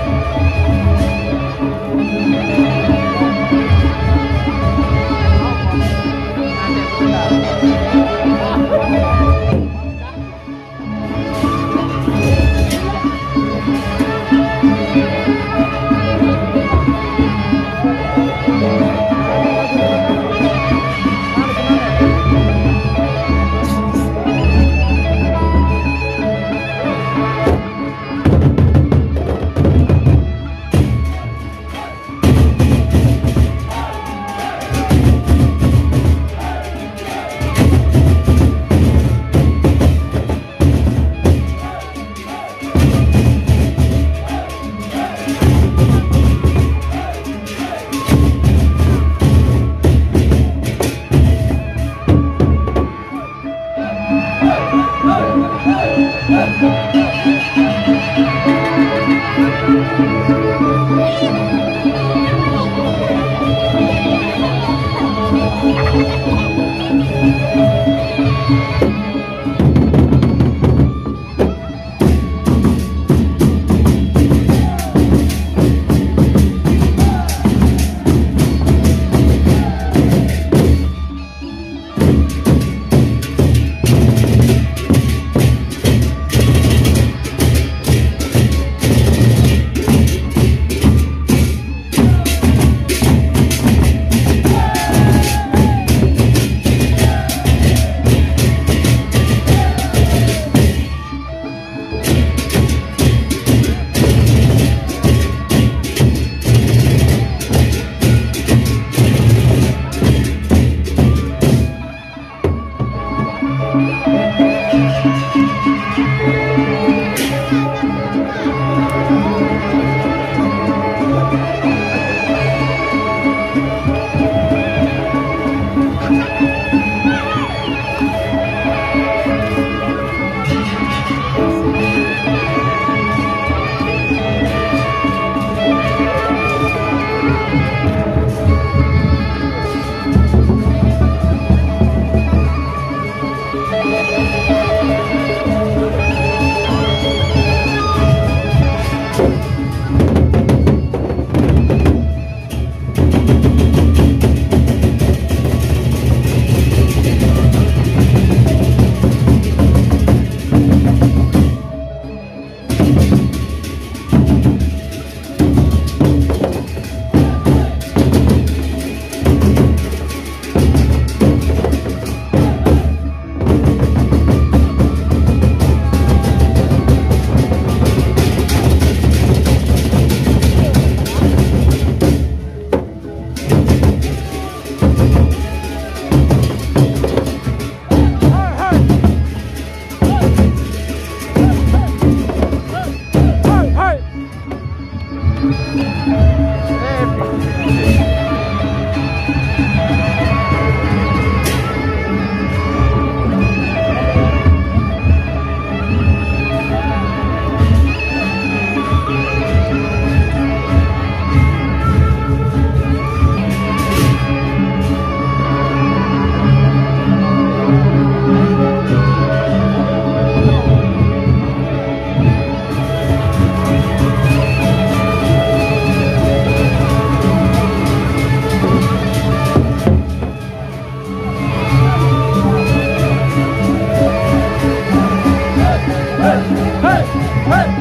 Thank you. r